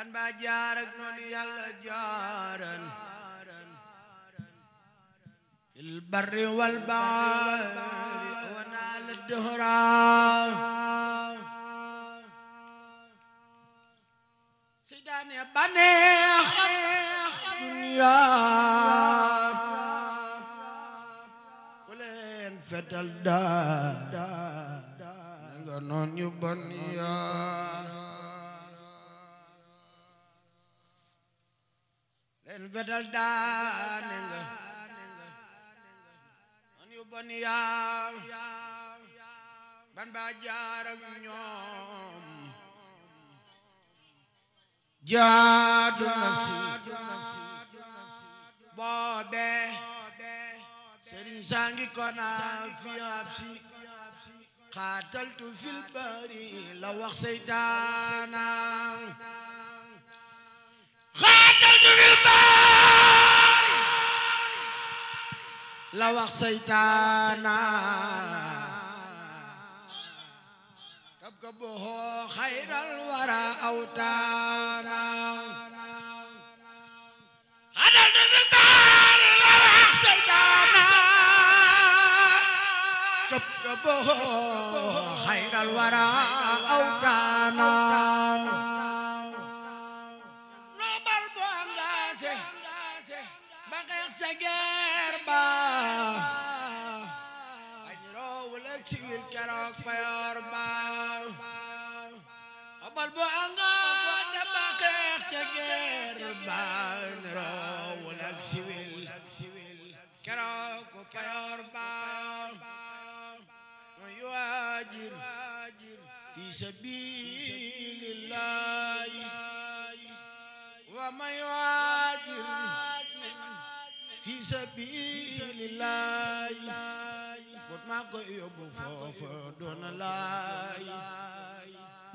ban ba jaar ak noonu yàlla jaaran fil barri wal bahri wa naal dëhra sidaane baneex dunya ku leen fetal daa Bamba jaar ak ñoom jaadu nafsi boobe sëriñ sangi kona fi absi xaataltu fil bari la wax seytaana xaataltu fil bari la wax seytaana هو خير الورى أوتانا عدد الدار لو أحسدانا كبكبه خير الورى أوتانا again. xol bu anga dama xeex ca geer baan rawul ak siwil keroog ku payoor baan mooy waajir fi sabilillahi wa may waajir fi sabilillahi but maa ko yóbbu foofu doon laay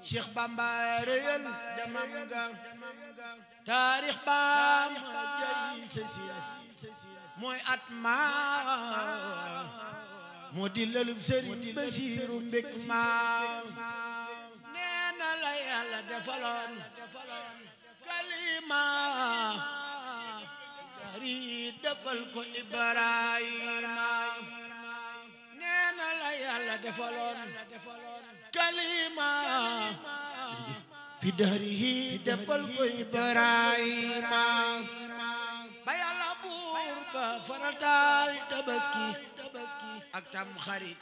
Cheikh Bamba reyal jamam ga taarix baam jay sesi mooy at maa moo di lelub Serigne Bassirou mbég maa nee na la defaloon kalima dari defal ko Ibrahima nee na la defaloon kalima fi dahrihi defal ko Ibrahima ba Yàlla buur ba farataal tabaski ak tam xarit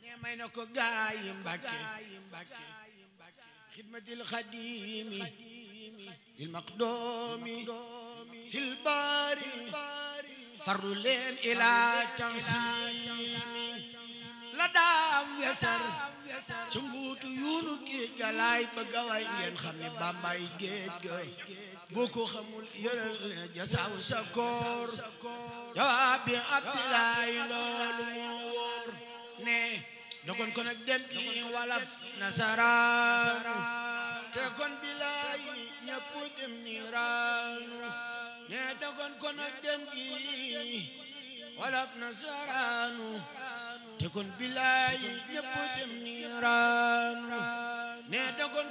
ne may na ko gaayi Mbàkke xidmatil xadimi il maqdoomi fil baari farlu leen ilaa tansiimi la daam wesar ci nguutu yuunu géej ga laay a xam ne bàmbaay géej ga boo ko xamul yëral ne jasaaw sa koor jawaab bi abdilaay loolu moo wóor ne dogon ko nag dem ci walaf nasaraanu te kon bilaay ñëpp dem ni raanu ne dogon ko nag dem ci walaf nasaraanu kon bilaay ñëpp dem niiraan ne da kon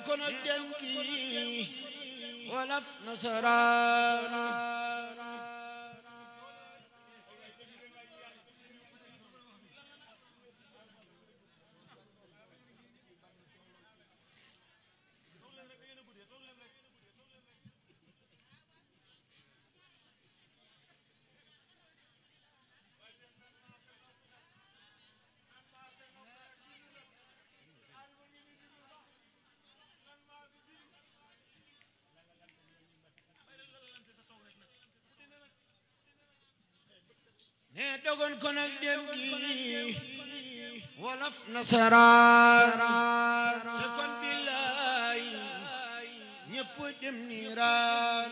dogon ko nag dem gi wolof nasaraan te kon billaay ñëpp dem niiraan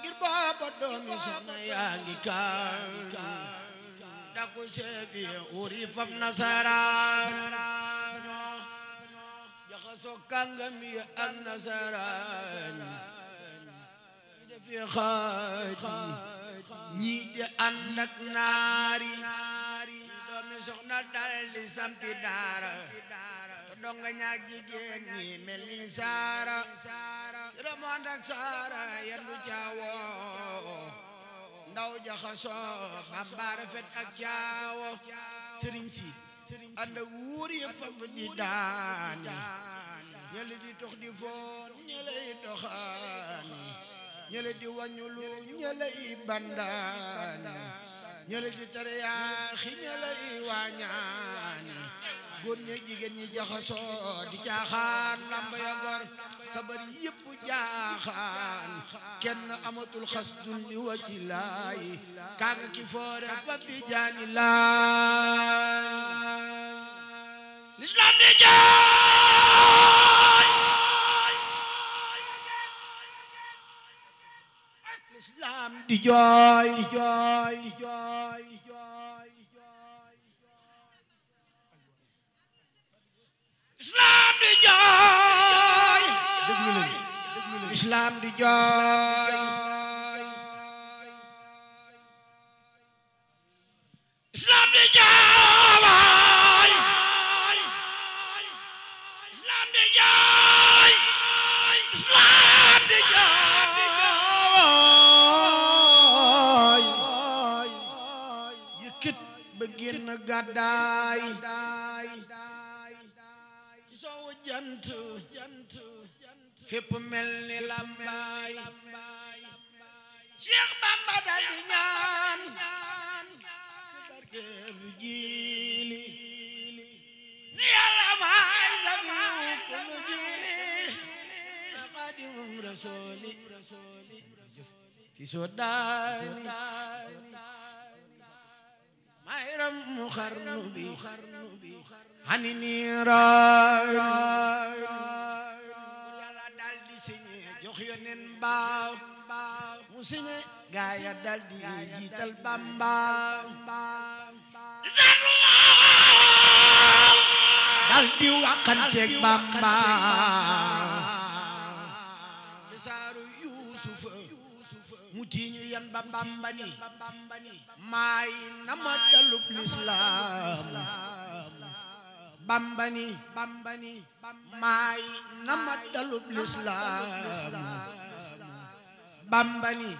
ngir baaba doomi soxna yaa ngi kaan daku seebi uri fab nasaraan jaxasoo kàngam yi ak nasaraan defi xaaj ñii di ànd ak naari doomi soxna dal di sampi daara to donga ñaag jigéen ñi mel ni saara sira mu ànd ak saara yandu caawoo ndaw jaxasoo xambaar fet ak caawoo sëriñ si ànd wuur yi faf di daani ñële di tox di foon ñëley doxaani ñële di wañulu ñële i bandaani ñële di tere yaaxi ñële i waañaani góor ñi jigéen ñi jaxasoo di ya gor sabar yëpp jaaxaan kenn amatul xas dunni waji laay foore ba bi jaani laay lislaam di jooy jooy jooy jooy lislaam di jooy lislaam di jooy gàddaay soowu jant fépp mel ni lambaay Cheikh Bamba dal di ñaan barkeelu jiili ni yàlla maay sabiyu kullu jiili xaadimum rasooli fi sodaani xayram mu xarnu bi xani niiraay yàlla dal di siñe jox yonen baaw mu siñe gaaya dal di jiital Bamba dal di waxanteeg Bamba ci saaru Yuusufa mu tiiñu yan ba Bamba ni maay na ma dalub lislaam Bamba ni maay na ma dalub lislaam Bamba ni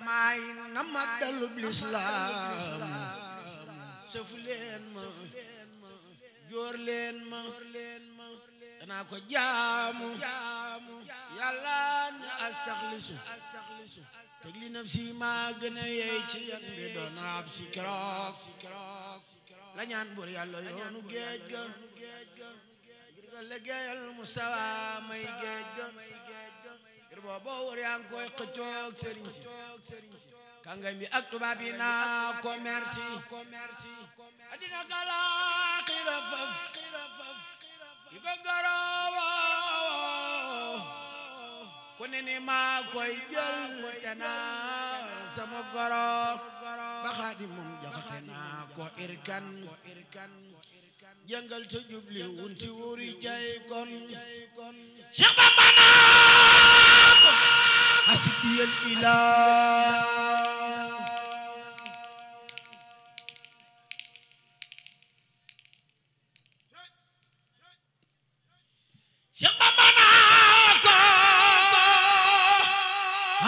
maay na ma dalub lislaam sëfu leen ma joor leen ma danaa ko jaamu yàlla ni astaxlisu teg li nafsi maa gën a yey ci bi doon ab si keroog la ñaan buur yàlla yoonu géej ga ngir nga liggéeyal mustawa may géej ga ngir boobu wër yaa ngi koy xëccoog sëriñ si kàngam yi ak tubaab yi naa commerce yi addina kalaaxira faf di ko garawoo ku ne ni maa koy jël te naa sama goro ba xaadim moom jaxate naa ko irkan jëngal te jubli wunti wuri jay kon Cheikh Bamba naa hasbiyal ilah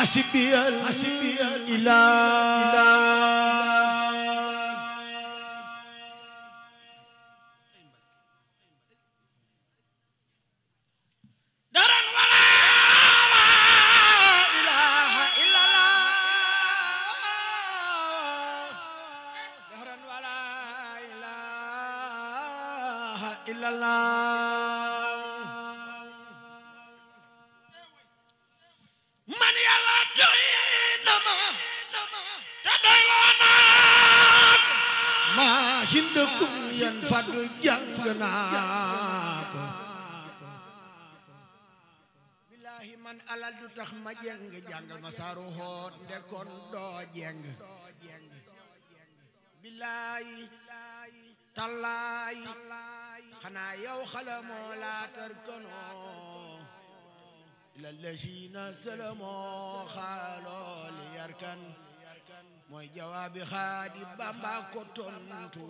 حسبي الإله nama te doy loo naa ko maa hindakum yan fadu jàng naa ko billaahi man alal du tax ma jeng jàngal ma saaru xoot ndekon doo jeng billaahi tallaahi xanaa yow xala moo laa tarkanoo ila lazina salamoo xaaloo li yarkan mooy jawaabi xaadi bamba ko tontu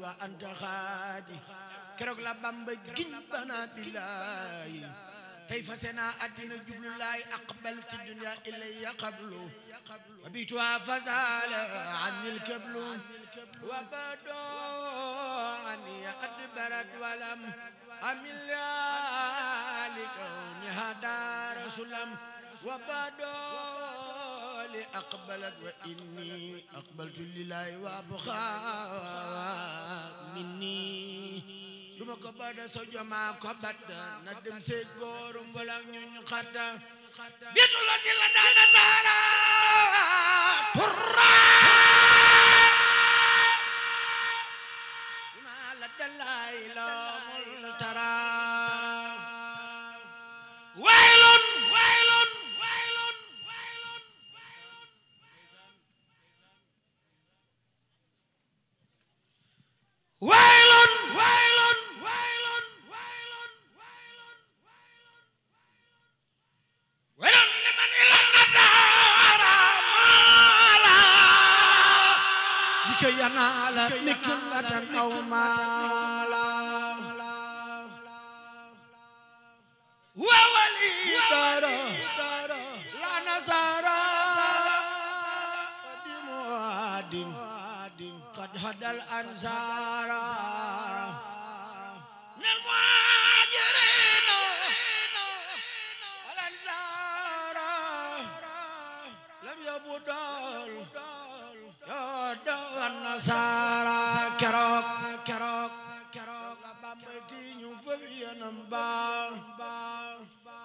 wa anta xaadi keroog la bamba giñ bana billaay tey fase naa àddina jublu laay aqbaltu dunya ilayya qablu abitua fasala anil kablu wa bado ani adbarat walam amil likawni hada rasulam wa bado li aqbalat wa inni aqbaltu lillahi wa abqa minni duma ko bada so joma ko badda na dem sey góor mbooloo ñu ñu xadda bitu la di la daana zaara turra ma la dalay la mul tara قد هدى الأنصار من المهاجرين الأنصار لم يبدل يود النصارى كروك كروك كروك بامتي نفبي نمبا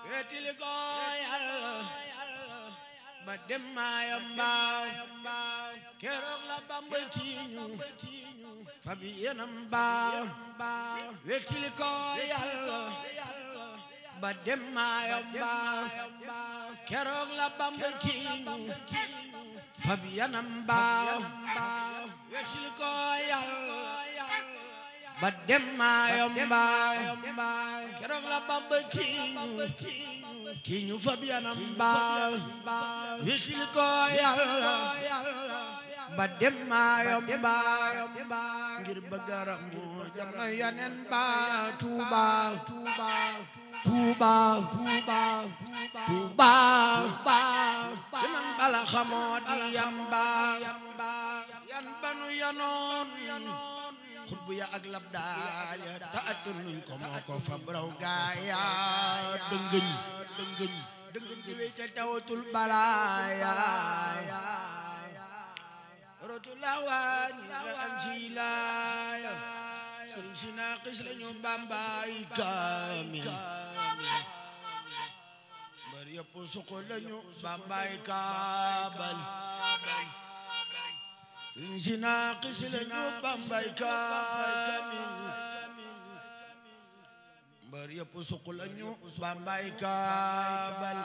ويتلقى يالله ba dem maayamba keroog la bamba tiiñu fabi yenam ba wettili ko yàlla ba dem maayamba keroog la bamba tiiñu fabi yenam ba wettili ko yàlla ba dem maa yomba keroog la bamba ciñ ci ñu fab yanam ba wisil ko yàlla ba dem maa yomba ngir bëgg ramu jamono yanen ba tuuba tuuba tuuba tuuba tuuba ci man bala xamoo di yamba yan banu yanoon xutbu ya ak labdaal ya ta atun nuñ ko moo ko fab raw gaaya dëngëñ dëngëñ dëngëñ di wéy te tawatul balaaya rotu lawaani la am ci laaya sëriñ si naaqis lañu bambaay kaamil bari yëpp suqu lañu bambaay kaabal si naaqis la ñu bambay kaamil mbar yëpp suq la ñu bambay kaabal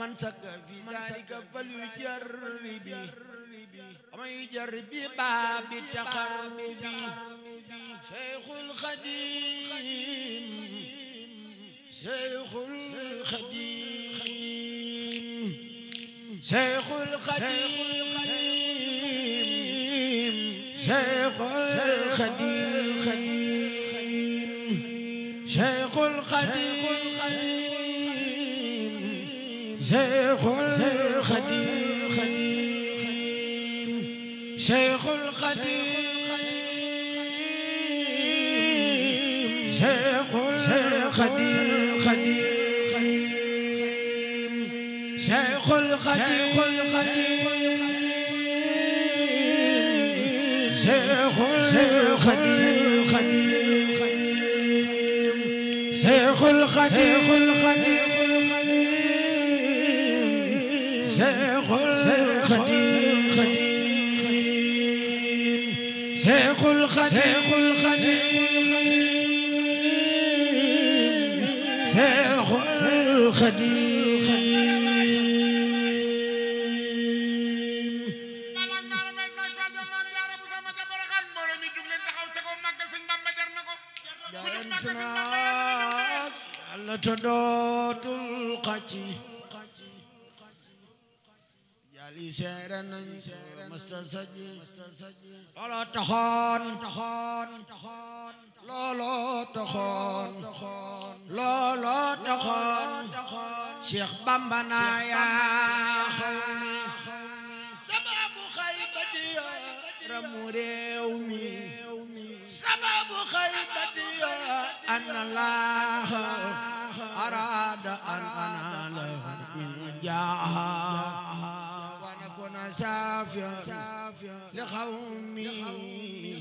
man saka fi dalika fal yu jarribi amay jarribi baabi taqarrubi Cheikhul Khadim Cheikhul Khadim Cheikhul Khadim Cheikhul Khadim Cheikhul Khadim Cheikhul Khadim Cheikhul Khadim Cheikhul Khadim Cheikhul Khadim Seexul Xadiim jali seere nañ mësta sajji looloo taxoon taxoon taxoon looloo taxoon looloo taxoon Cheikh Bamba na yaa xaw mi sababu xaybati ramu réew mi sababu xaybati ana laa سافيا لقومي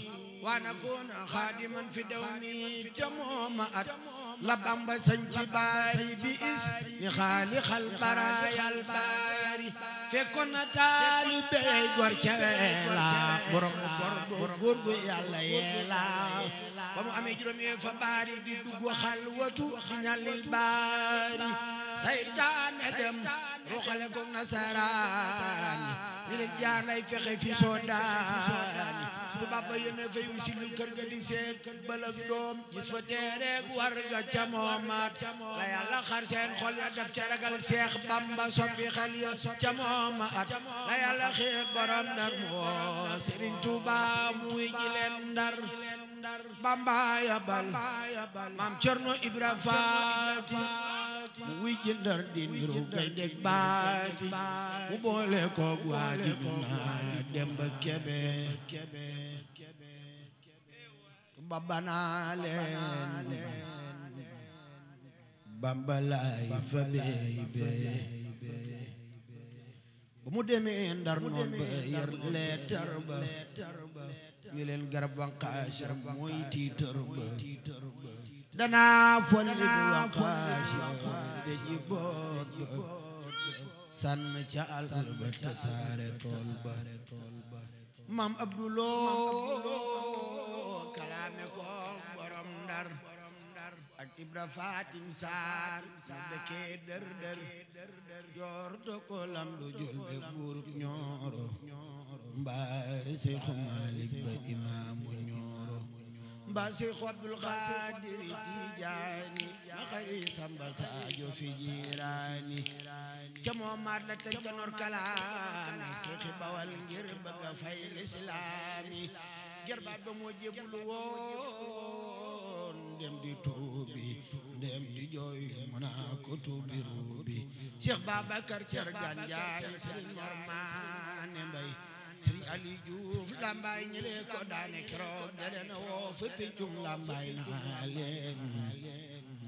وانا اكون خادما في دومي جموما لبامبا سنجي باري بئس لخالق البرايا الباري fekkoon na taalibe góor ca la borom góor góor gu yàlla yeela ba mu amee juróom yee fa baari di dugg xalwatu ñalil baari saytaane dem ruxale ko nasaraani ñu ne jaar lay fexe fi soodaani su bàbba yéene fay wi kër ga di seet bëlëg doom gis fa teereeg war ga ca moomaat la yàlla xar seen xol ya daf ca ragal seex bamba soppi xel ya ca moomaat la yàlla xeer borom ndar moo sëriñ tuuba ji leen ndar bamba ya bal maam cerno ibra faati mu wuy ji ndar di niru gaynde baati mu boole koog waa ji ñu naa demba kebe ba banaa leen bambalaay fa beebe ba mu demee ndar noon ba yar leetar ba ñu garab wanqaasar mooy tiitar ba danaa folli nu waqaasi de ji boot sànn ca alal ba tasaare tool abduloo kalaame ko borom ndar ak ibra fatim saar na dëkkee dër dër joor toko lam du jul be buurub ñooro mbaa sey xumaalik ba imaamu basi xobdul xaadiri tijaani ma xari samba saajo fi jiraani ca moo maat la tëj tanoor kalaami seexi bawal ngir bëgg a fay lislaami jarbaat ba moo jébbulu woon dem di tuubi dem di jooy mu ko tuubi ruubi Seex Babacar Cergan Njaay Sëriñ Mor Maane Mbay sëriñ Aliou Diouf làmbaay ñi lee ko daane keroog dale na woo fa peccum làmbaay naa leen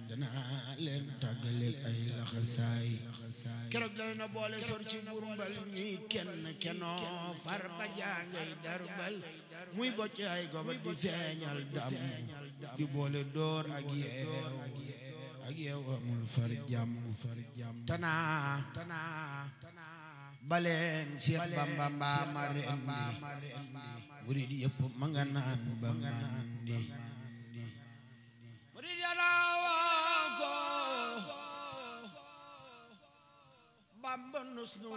danaa leen tàggaleel ay laxasaay keroog dale na boole sor ci burumbal ñuy kenn kenoo far ba ngay darbal muy bocc ay goba di feeñal dam di boole door ak yeew amul far jàmm tanaa baleen Seex Bamba mbaa ma rendi murid yëpp ma nga naan ba mandi murid ya naawaa ko Bamba nus nu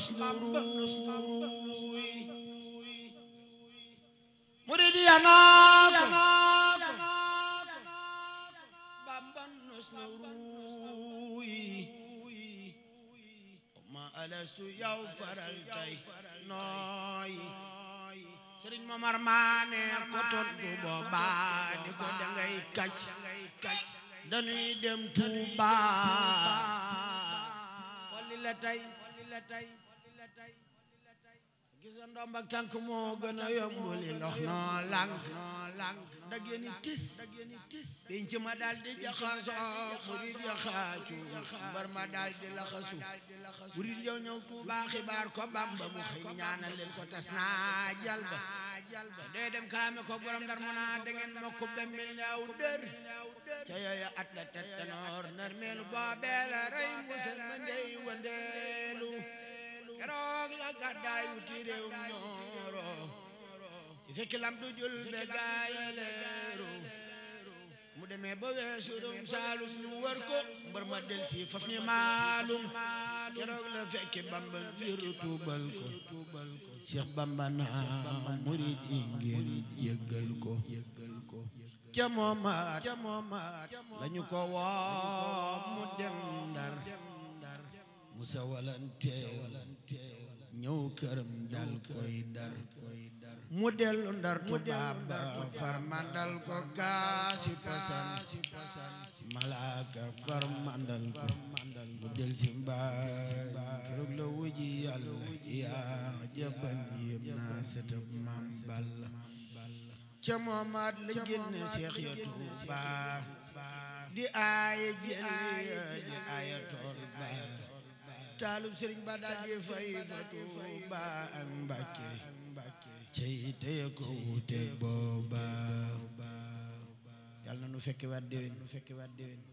نسلوي مريد يناكم بابا نسلوي وما ألست يغفر الكي ناي سرين ممر ماني كتن دوبا باني كتن غي كاج دنوي دم توبا فولي لتاي فولي لتاي gisa ndomb ak tànk moo gën a yombuli lox noo lànk noo lànk daggeen i tis daggeen i tis pinc ma daal di jaxasoo murid ya xaacu mbar ma daal di laxasu murid yow ñëw Tuubaa xibaar ko Bamba mu xëy ñaanal leen ko tas naa jal ba dee dem kalaame ko borom a mu naa dangeen mokk bembel ndaw dër ca yooyu at la tettanoor nar meelu boobee la rey musal ma ndey wëndee keroog la gàddaay wuti réew ñooro fekk lam du jul be gaayaleeru mu demee ba weesu doom saalum ñu wër ko mbër ma del faf ni maalum keroog la fekki bamba ngir tuubal ko bamba naa murid yi ngir yëggal ko ca moomaat lañu ko woo mu dem ndar mu sawalante teew ñëw këram jal koy dar mu dellu ndar tubaab ba farmandal ko kaasi mu del si mbaay keroog la wuji yàlla yaa jaban yëpp naa setab maam balla ca moomaat la génne seex ya tuubaa di aaya jël ya di taalub sëriñ ba daal di fay fa Tuuba ak Mbàkke cey teye ko wute booba yàlla na nu fekki waat déwén nu fekki waat déwén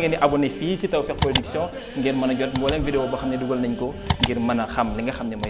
ngeen di abonné fii ci Tawfekh Production ngeen mën a jot mboolem vidéo boo xam ne dugal nañ ko ngir mën a xam li nga xam ne mooy